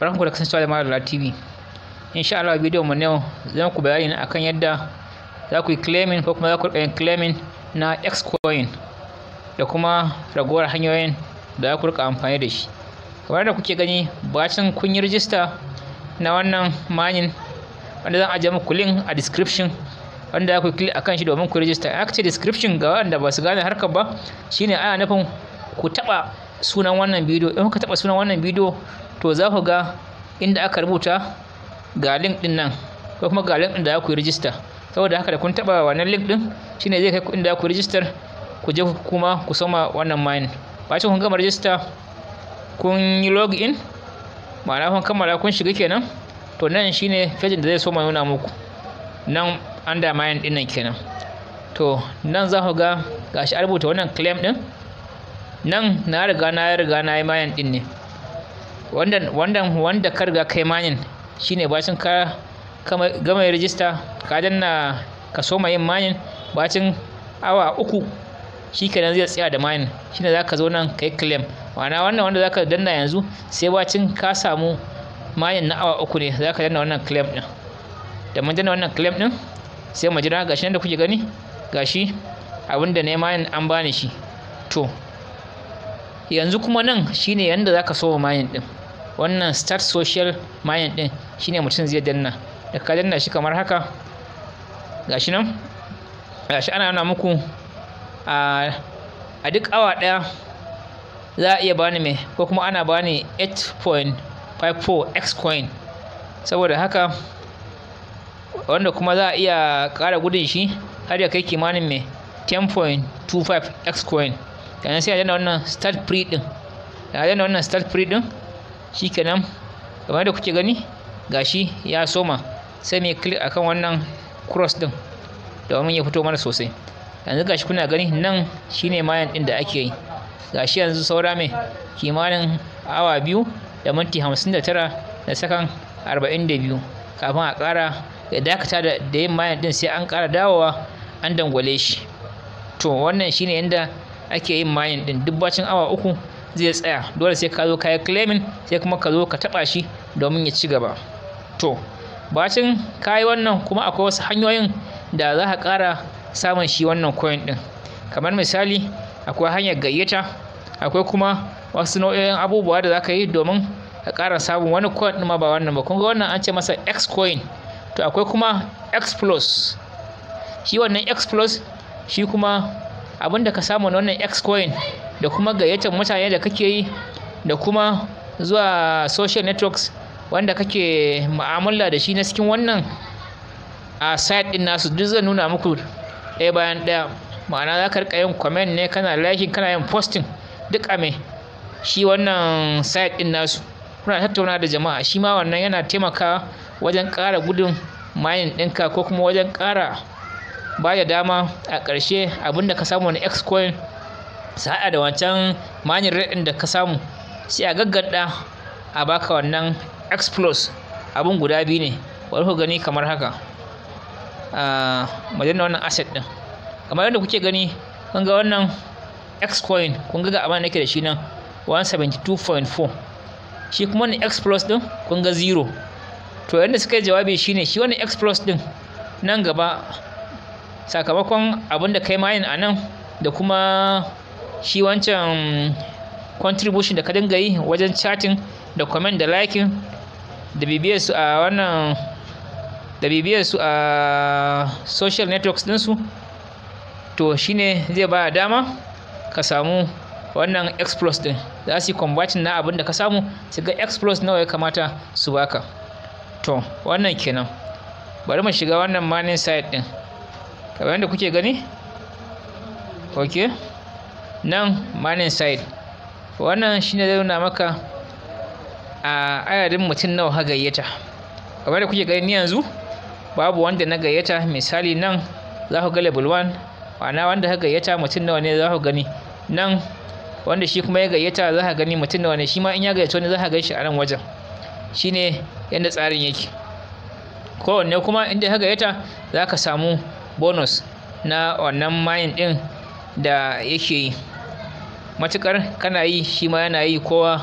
barkanku da kasancewa da Malala TV insha Allah bidiyon mu ne zan ku bayani a akan yadda za ku yi claiming ko kuma za ku yi claiming na X coin da kuma ragowar hanyoyin da za ku rika amfani da shi kamar da kuke gani bacin kun yi rijista na wannan manin wanda zan ajiye muku link a description wanda za ku click akan shi domin ku register aka ce description ga wanda ba su gane harkar ba shine ana nufin ku taba sunan wannan bidiyo in kuka taba sunan wannan bidiyo to za ku ga inda aka rubuta ga link din nan ko kuma ga link din da za ku yi rijista saboda haka da kun taba wannan link din shine zai kai ku inda za ku rijistar ku je kuma ku soma wannan mine bacin kun gama rijista kun yi log in ma'ana kun kammala kun shiga kenan to nan shine fejin da zai soma nuna muku nan under mine din nan kenan to nan za ku ga gashi a rubuta wannan claim din nan na riga na riga na yi mayan din ne wanda wanda wanda ka riga kai manyan shine bacin ka gama rijista ka danna ka soma yin manyan bacin awa uku shikenan zai tsaya da manin shine zaka zo nan kai claim wana wannan wanda zaka danna yanzu sai bacin ka samu manyan na awa uku ne zaka danna wannan claim din da mun danna wannan claim din sai mu jira gashi nan da kuke gani gashi abinda ne manyan an bani shi to yanzu kuma nan shine yanda zaka soma mayin din wannan start social mining din shine mutum zai danna da ka danna shi kamar haka gashi nan gashi ana nuna muku a a duk awa daya za a iya bani mai ko kuma ana bani 8.54 x coin saboda haka wanda kuma za a iya kara gudun shi har ya kai kimanin mai 10.25 x coin yanzu sai a danna wannan start free din a danna wannan start free din shikenan kamar da kuke gani gashi ya soma sai mai click akan wannan cross din domin ya fito mana sosai yanzu gashi kuna gani nan shine mayan din da ake yi gashi yanzu saura mai kimanin awa biyu da minti hamsin da tara da sakan arba'in da biyu kafin a kara ya dakata da yin mayan din sai an kara dawowa an dangwale shi to wannan shine yadda ake yin mayan din duk bacin awa uku zai tsaya dole sai ka zo ka yi claiming sai kuma ka zo ka taɓa shi domin ya ci gaba to bacin ka yi wannan kuma akwai wasu hanyoyin da za ka ƙara samun shi wannan coin din kamar misali akwai hanyar gayyata akwai kuma wasu nau'o'in abubuwa da za ka yi domin ka ƙara samun wani coin din ma ba wannan ba kun ga wannan an ce masa x coin to akwai kuma x plus shi wannan x plus shi kuma abinda ka samu na wannan x coin da kuma gayyatar mutane da kake yi da kuma zuwa social networks wanda kake mu'amala da shi na cikin wannan a site din nasu duk zan nuna muku ɗaya bayan ɗaya ma'ana za ka riƙa yin comment ne kana liking kana yin posting duk a mai shi wannan site din nasu kuna tattauna da jama'a shi ma wannan yana taimaka wajen ƙara gudun mayin ɗinka ko kuma wajen ƙara ba da dama a ƙarshe abinda ka samu wani x coin sa'a da wancan manyan ɗin da ka samu sai a gaggada a baka wannan x plus abin guda biyu ne wani ku gani kamar haka a ah, majalina wannan asset ɗin kamar yadda kuke gani kun ga wannan x coin kun ga abin da ke da shi nan 172.4 shi kuma wannan x plus ɗin kun ga 0 to yadda suka yi jawabi ne shi wannan x plus ɗin nan gaba sakamakon abin da kai mayin a nan da kuma shi wancan contribution da ka dinga yi wajen chatting da comment da liking da bibiyar su a wannan da bibiyar su a social networks su, to shine zai ba dama ka samu wannan x plus ɗin za su yi converting na abin da ka samu su ga x plus nawa ya kamata su baka to wannan kenan bari mu shiga wannan mining site ɗin kamar yadda kuke gani okay nan Manin site wannan shi ne zai nuna maka a adadin mutum nawa ka gayyata kamar da kuke gani ni yanzu babu wanda na gayyata misali nan za ku ga level 1 ma'ana wanda ka gayyata mutum nawa ne za ku gani nan wanda shi kuma ya gayyata za ka gani mutum nawa ne shi ma in ya gayyata wani za ka gan shi a nan wajen shine yadda tsarin yake kowanne kuma inda ka gayyata za ka samu bonus na wannan mayin ɗin da yake yi matuƙar kana yi shi ma yana yi kowa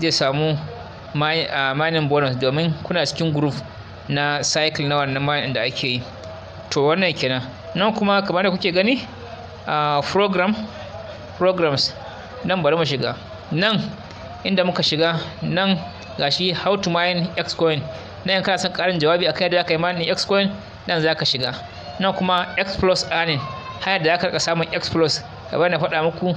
zai samu mining bonus domin kuna cikin group na cycle na wannan mining da ake yi to wannan kenan nan kuma kamar da kuke gani a program programs nan bari mu shiga nan inda muka shiga nan gashi how to mine xcoin nan kana son karin jawabi akai da aka yi mining xcoin nan zaka shiga nan kuma x plus earning hanyar da zaka rika samun x plus kamar na faɗa muku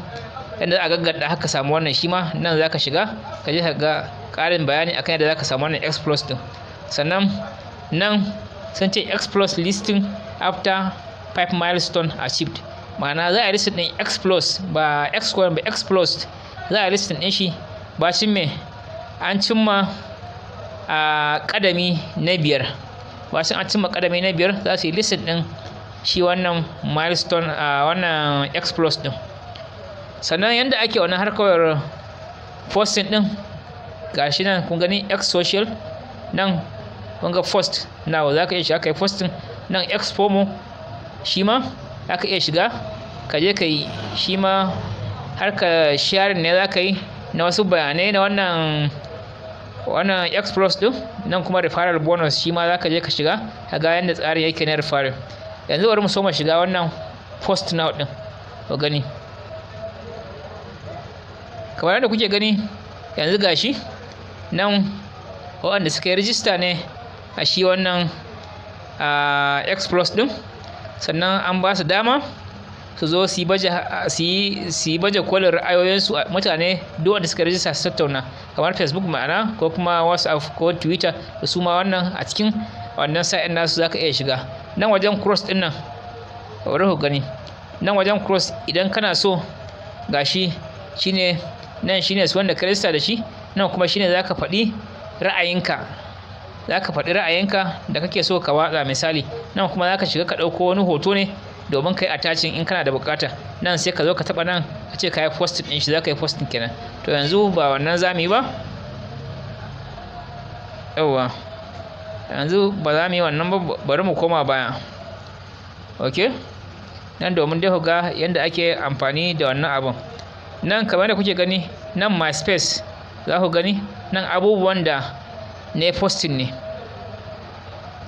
yadda za a gaggada haka samu wannan shi ma nan zaka shiga ka je ka ga ƙarin bayani akan yadda zaka samu wannan x plus din sannan nan sun ce x plus listing after 5 milestone achieved ma'ana za a listin din x plus ba x square ba x plus za a listin din shi bacin me an cimma a ah, kadami na biyar bacin an cimma kadami na biyar za su yi listin din shi wannan milestone a wannan explos din sannan yadda ake wannan harkar posting din gashi nan kun gani x social nan kun ga post na za ka iya shiga kai posting nan x promo shi ma za ka iya shiga ka je ka yi shi ma har ka sharing ne za ka yi na wasu bayanai na wannan wannan x plus din nan kuma referral bonus shi ma za ka je ka shiga ka ga yadda tsarin yake na referral yanzu bari mu so mu shiga wannan post now din ku gani kamar yadda kuke gani yanzu gashi nan waɗanda suka yi rijista ne a shi wannan x plus din sannan an ba su dama su zo su yi baje kolin ra'ayoyinsu mutane duk wanda suka rijista su tattauna kamar facebook ma'ana ko kuma whatsapp ko twitter da su ma wannan a cikin wannan sa'in nasu za ka iya shiga nan wajen cross din nan bari ku gani nan wajen cross idan kana so gashi shine nan shine wanda ka da shi nan kuma shine zaka faɗi ra'ayinka zaka faɗi ra'ayinka da kake so ka watsa misali nan kuma zaka shiga ka ɗauko wani hoto ne domin kai attaching in kana da bukata nan sai ka zo ka taba nan ka ce ka yi posting din shi za yi posting kenan to yanzu ba wannan zamu yi ba yawwa yanzu ba za mu yi wannan ba bari mu koma baya ok nan domin dai ga yadda ake amfani da wannan abin nan kamar da kuke gani nan myspace za ku gani nan abubuwan da na posting ne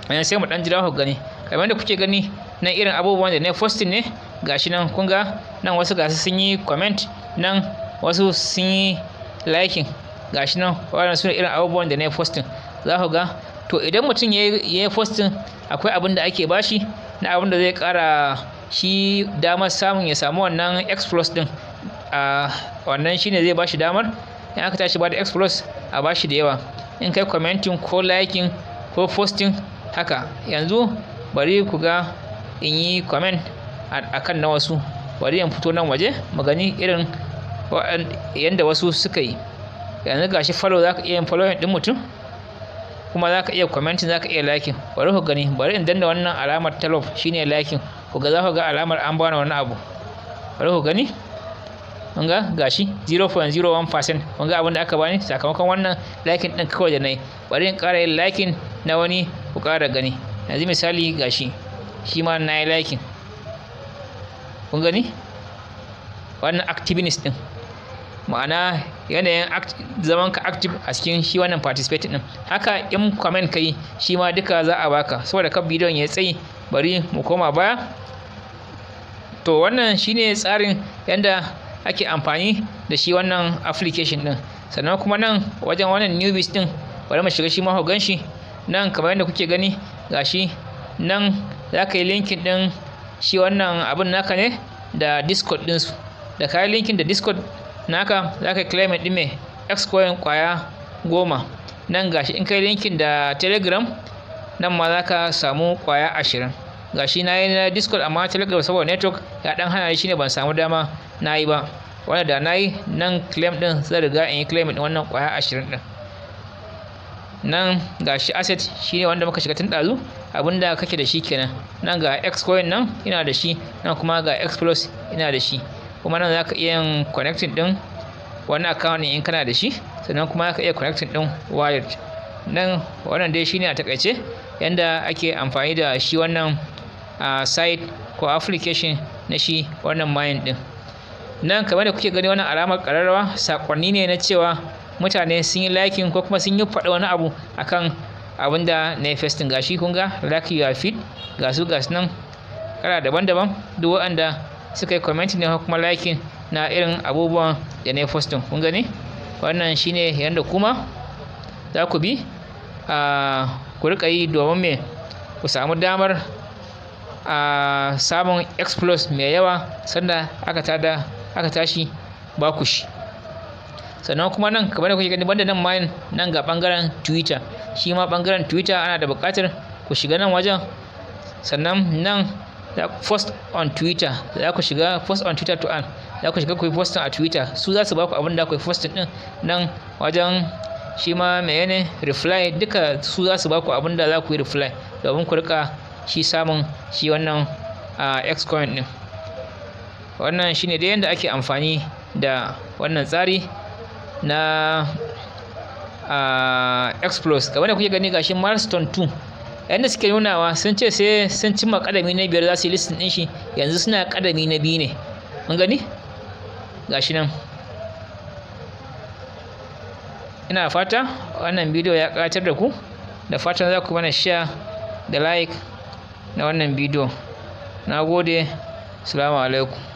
yanzu sai mu dan jira ku gani kamar da kuke gani nan irin abubuwan da na posting ne gashi nan kun ga nan wasu gasu sun yi comment nan wasu sun yi liking gashi nan waɗannan su irin abubuwan da na posting za ku ga to idan mutum ya yi fostin akwai abin da ake bashi na abin da zai kara shi damar samun ya samu wannan x plus din a wannan shine zai bashi damar in aka tashi ba da x plus a bashi da yawa in kai commenting ko liking ko posting haka yanzu bari ku ga in yi comment kan na wasu bari in fito nan waje mu gani irin yadda wasu suka yi yanzu gashi falo za ka iya yin following ɗin mutum kuma za ka iya commenting za ka iya liking bari ku gani bari in danna wannan alamar ta love shine liking ku ga za ku ga alamar an bani wani abu bari ku gani kun ga gashi 0.01% kun ga abin da aka bani sakamakon wannan liking din kawai da nayi bari in ƙara yin liking na wani ku ƙara gani yanzu misali gashi shi ma na yi liking kun gani wannan activist din ma'ana yanayin zaman ka active a cikin shi wannan participating din haka in comment kai shi ma duka za a baka saboda kan bidiyon ya tsayi bari mu koma baya to wannan shine tsarin yanda ake amfani da shi wannan application din sannan kuma nan wajen wannan newbies ɗin bari mu shiga shi ma ku ganshi nan kamar yadda kuke gani gashi nan za ka yi linkin ɗin shi wannan abin naka ne da discord ɗinsu da kayan linkin da discord naka za ka claim ɗin mai x coin kwaya goma nan gashi in kai linkin da telegram nan ma za ka samu kwaya ashirin gashi na yi na discord amma telegram saboda network ya ɗan hana shi ne ban samu dama na yi ba wanda da na yi nan claim ɗin zai riga in yi claim ɗin wannan kwaya ashirin ɗin nan ga shi asset shine wanda muka shiga tun ɗazu abinda kake da shi kenan nan ga x coin nan ina da shi nan kuma ga x plus ina da shi kuma nan za ka iya yin connecting ɗin wannan account in kana da shi sannan kuma za ka iya connecting ɗin wired nan wannan dai shine a takaice yanda ake amfani da shi wannan site ko application na shi wannan mayan ɗin nan kamar da kuke gani wannan alamar ƙararrawa sakonni ne na cewa mutane sun yi liking ko kuma sun yi faɗa wani abu akan abin da na yi festin gashi kun ga like your feed ga su nan kala daban-daban duk waɗanda suka yi comment ne kuma liking na irin abubuwan da na yi postin kun gani wannan shine yadda kuma za ku bi a ku rika yi domin me ku samu damar a samun explos mai yawa sanda aka tada aka tashi ba ku shi sannan kuma nan kamar da kuke gani banda nan mayan nan ga bangaren twitter shi ma bangaren twitter ana da bukatar ku shiga nan wajen sannan nan post on twitter za ku shiga post on twitter to an za ku shiga ku yi posting a twitter su za su ba ku abin da ku yi posting din nan wajen shi ma menene reply duka su za su ba ku abin da za ku yi reply domin ku rika shi samun shi wannan x coin din wannan shine da yadda ake amfani da wannan tsari na uh, explos kamar da kuke gani gashin milestone 2 yanda suke nunawa sun ce sai sun cimma kadami na biyar za su yi listin din shi yanzu suna kadami na biyu ne mun gani gashi nan ina fata wannan bidiyo ya katar da ku da fatan za ku mana share da like na wannan bidiyo na gode salamu alaikum